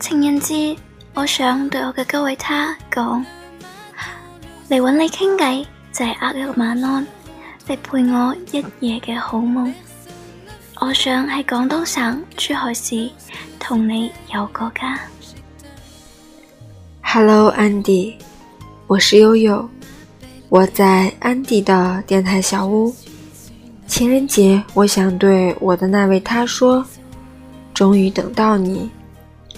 情人節，我想對我嘅高位他講，嚟揾你傾偈，就係呃一個晚安，你陪我一夜嘅好夢。我想喺廣東省珠海市同你有個家。Hello，Andy，我是悠悠，我在 Andy 的電台小屋。情人節，我想對我的那位他說，終於等到你。